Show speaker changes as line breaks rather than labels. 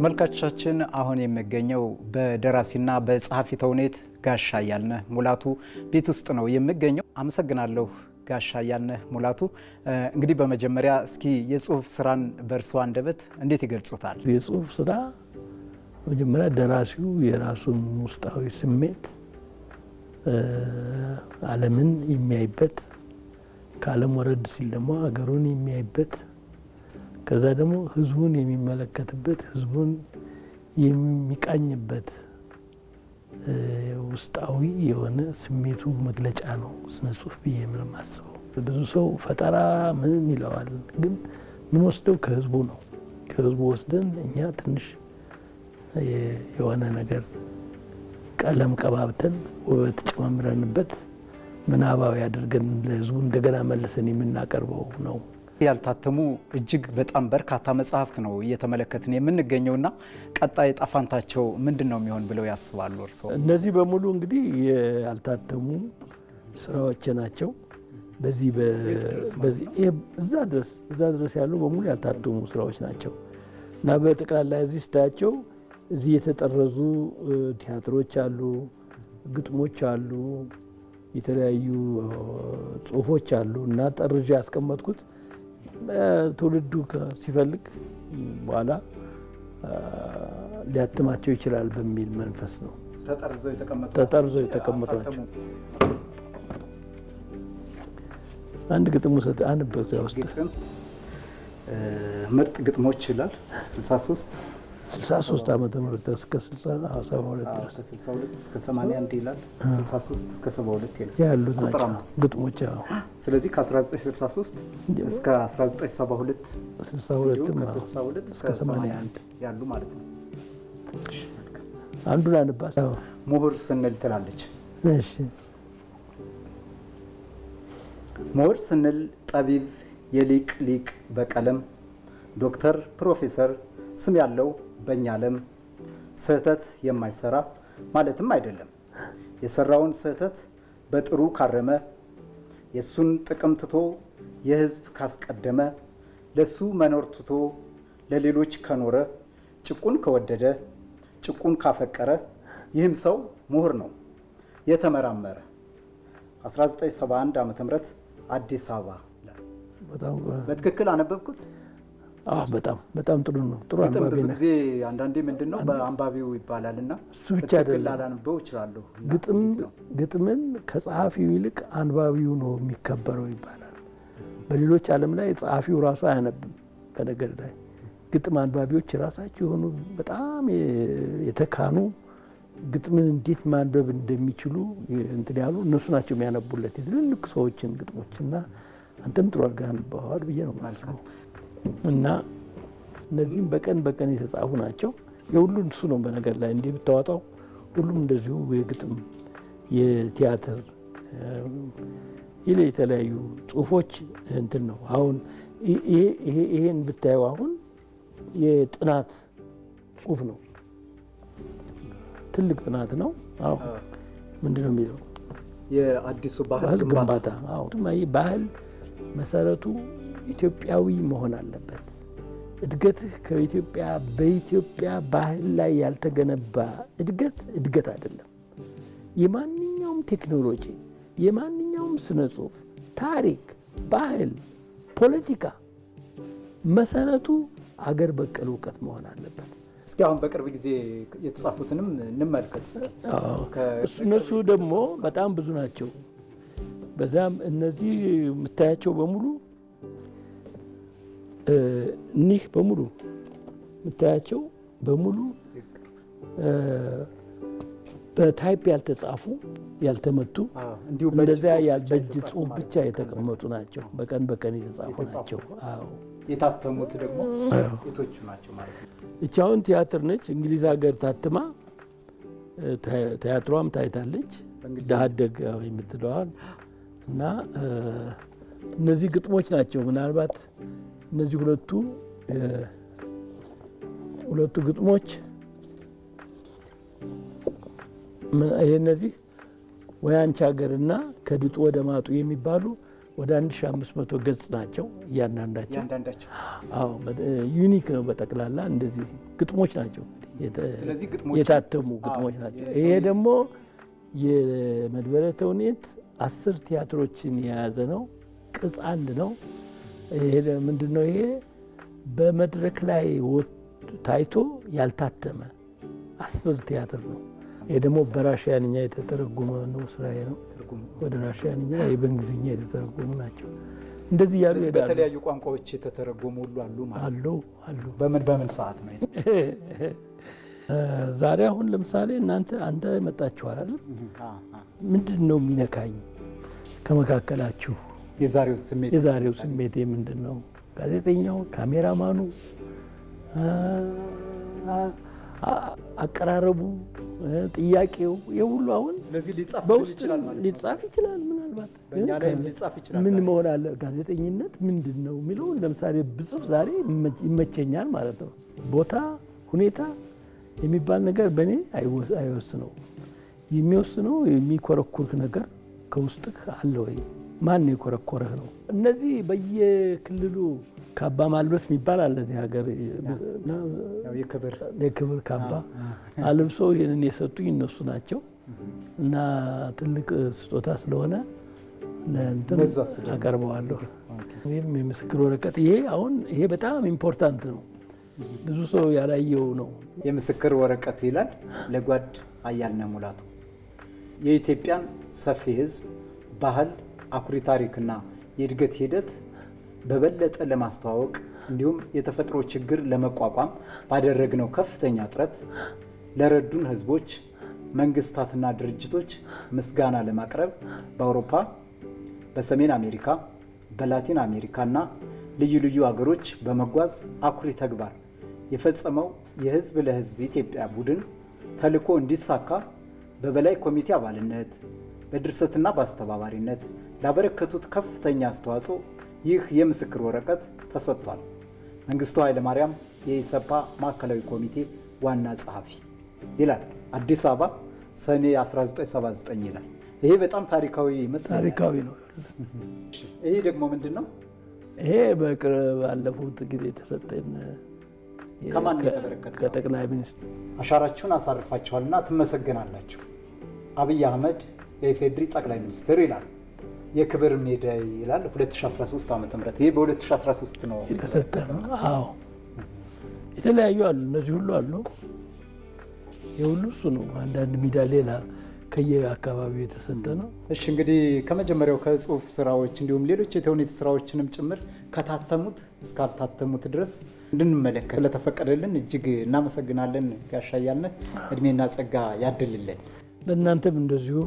ተመልካቾቻችን አሁን የምገኘው በደራሲና በጸሐፊ ተውኔት ጋሻ ያልነ ሙላቱ ቤት ውስጥ ነው የምገኘው። አመሰግናለሁ ጋሻ ያልነ ሙላቱ። እንግዲህ በመጀመሪያ እስኪ የጽሁፍ ስራን በእርሶ አንደበት እንዴት ይገልጹታል?
የጽሁፍ ስራ መጀመሪያ ደራሲው የራሱን ውስጣዊ ስሜት ዓለምን የሚያይበት ከዓለም ወረድ ሲል ደግሞ ሀገሩን የሚያይበት ከዛ ደግሞ ህዝቡን የሚመለከትበት ህዝቡን የሚቃኝበት ውስጣዊ የሆነ ስሜቱ መግለጫ ነው ስነ ጽሁፍ ብዬ ምንም አስበው። ብዙ ሰው ፈጠራ ምን ይለዋል፣ ግን ምን ወስደው ከህዝቡ ነው። ከህዝቡ ወስደን እኛ ትንሽ የሆነ ነገር ቀለም ቀባብተን ውበት ጨማምረንበት ምናባዊ አድርገን ለህዝቡ እንደገና መልሰን የምናቀርበው ነው።
ያልታተሙ እጅግ በጣም በርካታ መጽሐፍት ነው እየተመለከትን የምንገኘውና ቀጣይ ጣፋንታቸው ምንድን ነው የሚሆን ብለው ያስባሉ እርስዎ?
እነዚህ በሙሉ እንግዲህ ያልታተሙ ስራዎች ናቸው። በዚህ እዛ ድረስ እዛ ድረስ ያሉ በሙሉ ያልታተሙ ስራዎች ናቸው እና በጠቅላላ እዚህ ስታያቸው እዚህ የተጠረዙ ቲያትሮች አሉ፣ ግጥሞች አሉ፣ የተለያዩ ጽሁፎች አሉ እና ጠርዣ ያስቀመጥኩት ትውልዱ ሲፈልግ በኋላ ሊያትማቸው ይችላል በሚል መንፈስ ነው ተጠርዘው የተቀመጡ ናቸው። አንድ ግጥሙ ውሰድ፣ አንበት ውስጥ
ምርጥ ግጥሞች ይላል 63
63 ዓመተ ምህረት እስከ 72 ድረስ ያሉት ናቸው ግጥሞች።
ስለዚህ ከ1963 እስከ 1972 እስከ 81 ያሉ ማለት ነው።
አንዱን አንባስ
ምሁር ስንል ትላለች። እሺ ምሁር ስንል ጠቢብ፣ የሊቅ ሊቅ፣ በቀለም ዶክተር፣ ፕሮፌሰር ስም ያለው በእኛ ዓለም ስህተት የማይሰራ ማለትም አይደለም። የሰራውን ስህተት በጥሩ ካረመ፣ የእሱን ጥቅም ትቶ የህዝብ ካስቀደመ፣ ለሱ መኖር ትቶ ለሌሎች ከኖረ፣ ጭቁን ከወደደ፣ ጭቁን ካፈቀረ ይህም ሰው ምሁር ነው። የተመራመረ 1971 ም አዲስ አበባ በትክክል አነበብኩት።
በጣም በጣም ጥሩ ነው። ጥሩ
አንባቢ ጊዜ አንዳንዴ ምንድን ነው በአንባቢው ይባላል እና እሱ ብቻ አይደለም ላላነበው እችላለሁ።
ግጥምን ከጸሐፊው ይልቅ አንባቢው ነው የሚከበረው ይባላል። በሌሎች ዓለም ላይ ጸሐፊው ራሱ አያነብም። በነገር ላይ ግጥም አንባቢዎች ራሳቸው የሆኑ በጣም የተካኑ ግጥምን እንዴት ማንበብ እንደሚችሉ እንትን ያሉ እነሱ ናቸው የሚያነቡለት የትልልቅ ሰዎችን ግጥሞችና አንተም ጥሩ አድርገህ አንብበዋል ብዬ ነው የማስበው። እና እነዚህም በቀን በቀን የተጻፉ ናቸው። የሁሉም እሱ ነው። በነገር ላይ እንዲህ ብታወጣው ሁሉም እንደዚሁ የግጥም፣ የቲያትር ይለ የተለያዩ ጽሁፎች እንትን ነው። አሁን ይሄን ብታየው አሁን የጥናት ጽሁፍ ነው። ትልቅ ጥናት ነው። አዎ ምንድን ነው የሚለው
የአዲሱ ባህል
ግንባታ ባህል መሰረቱ ኢትዮጵያዊ መሆን አለበት። እድገትህ ከኢትዮጵያ በኢትዮጵያ ባህል ላይ ያልተገነባ እድገት እድገት አይደለም። የማንኛውም ቴክኖሎጂ፣ የማንኛውም ስነ ጽሁፍ፣ ታሪክ፣ ባህል፣ ፖለቲካ መሰረቱ አገር በቀል እውቀት መሆን አለበት።
እስኪ አሁን በቅርብ ጊዜ የተጻፉትንም እንመልከት።
እነሱ ደግሞ በጣም ብዙ ናቸው። በዛም እነዚህ የምታያቸው በሙሉ እኒህ በሙሉ የምታያቸው በሙሉ በታይፕ ያልተጻፉ ያልተመቱ እንደዚያ በእጅ ጽሁፍ ብቻ የተቀመጡ ናቸው። በቀን በቀን የተጻፉ ናቸው።
የታተሙት ደግሞ ቶቹ ናቸው ማለት
ነው። አሁን ቲያትር ነች። እንግሊዝ ሀገር ታትማ ቲያትሯም ታይታለች። ዳሃደግ የምትለዋል እና እነዚህ ግጥሞች ናቸው ምናልባት እነዚህ ሁለቱ ሁለቱ ግጥሞች ይህ እነዚህ ወይ አንቺ ሀገርና ከድጡ ወደ ማጡ የሚባሉ ወደ 1500 ገጽ ናቸው እያንዳንዳቸው። ዩኒክ ነው። በጠቅላላ እንደዚህ ግጥሞች ናቸው የታተሙ ግጥሞች ናቸው። ይሄ ደግሞ የመድበለ ተውኔት አስር ቲያትሮችን የያዘ ነው። ቅጽ አንድ ነው። ይሄ ምንድን ነው? ይሄ በመድረክ ላይ ታይቶ ያልታተመ አስር ቲያትር ነው። ይሄ ደግሞ በራሽያንኛ የተተረጎመ ነው ስራዬ ነው። ወደ ራሽያንኛ በእንግሊዝኛ የተተረጎሙ ናቸው። እንደዚህ ያሉ
በተለያዩ ቋንቋዎች የተተረጎሙ ሁሉ አሉ
አሉ አሉ። በምን በምን ሰዓት ነው? ዛሬ አሁን ለምሳሌ እናንተ አንተ መጣችኋል አይደል? ምንድን ነው የሚነካኝ ከመካከላችሁ
የዛሬው ስሜት
የዛሬው ስሜት ምንድን ነው? ጋዜጠኛው፣ ካሜራማኑ፣ አቀራረቡ፣ ጥያቄው የሁሉ አሁን በውስጥ ሊጻፍ ይችላል። ምናልባት ምን መሆን አለ ጋዜጠኝነት ምንድን ነው የሚለው ለምሳሌ ብጽፍ ዛሬ ይመቸኛል ማለት ነው። ቦታ ሁኔታ የሚባል ነገር በእኔ አይወስነው። የሚወስነው የሚኮረኩርህ ነገር ከውስጥህ አለ ወይ ማን የኮረኮረህ ነው? እነዚህ በየክልሉ ካባ ማልበስ የሚባል አለ እዚህ ሀገር የክብር ካባ አልብሶ ይህንን የሰጡኝ እነሱ ናቸው እና ትልቅ ስጦታ ስለሆነ ለእንትን አቀርበዋለሁ። ይህም የምስክር ወረቀት ይሄ አሁን ይሄ በጣም ኢምፖርታንት ነው። ብዙ ሰው ያላየው ነው።
የምስክር ወረቀት ይላል ለጓድ አያልነ ሙላቱ የኢትዮጵያን ሰፊ ሕዝብ ባህል አኩሪ ታሪክና የእድገት ሂደት በበለጠ ለማስተዋወቅ እንዲሁም የተፈጥሮ ችግር ለመቋቋም ባደረግነው ከፍተኛ ጥረት ለረዱን ህዝቦች፣ መንግስታትና ድርጅቶች ምስጋና ለማቅረብ በአውሮፓ፣ በሰሜን አሜሪካ፣ በላቲን አሜሪካ እና ልዩ ልዩ አገሮች በመጓዝ አኩሪ ተግባር የፈጸመው የህዝብ ለህዝብ ኢትዮጵያ ቡድን ተልዕኮ እንዲሳካ በበላይ ኮሚቴ አባልነት በድርሰትና በአስተባባሪነት ላበረከቱት ከፍተኛ አስተዋጽኦ ይህ የምስክር ወረቀት ተሰጥቷል። መንግስቱ ኃይለማርያም የኢሰፓ ማዕከላዊ ኮሚቴ ዋና ጸሐፊ ይላል። አዲስ አበባ ሰኔ 1979 ይላል። ይሄ በጣም ታሪካዊ
ታሪካዊ ነው።
ይሄ ደግሞ ምንድን ነው?
ይሄ በቅርብ ባለፉት ጊዜ የተሰጠን
ከማን የተበረከተ
ከጠቅላይ ሚኒስትር
አሻራችሁን አሳርፋችኋልና ትመሰገናላችሁ። አብይ አህመድ የኢፌዴሪ ጠቅላይ ሚኒስትር ይላል። የክብር ሜዳ ይላል 2013 ዓ ም ይሄ በ2013 ነው
የተሰጠ ነው። አዎ የተለያዩ አሉ፣ እነዚህ ሁሉ አሉ። የሁሉ እሱ ነው። አንዳንድ ሜዳ ሌላ ከየአካባቢው የተሰጠ ነው።
እሺ እንግዲህ ከመጀመሪያው ከጽሁፍ ስራዎች እንዲሁም ሌሎች የተውኔት ስራዎችንም ጭምር ከታተሙት እስካልታተሙት ድረስ እንድንመለከት ለተፈቀደልን እጅግ እናመሰግናለን። ጋሻ እድሜና ጸጋ ያድልልን።
ለእናንተም እንደዚሁ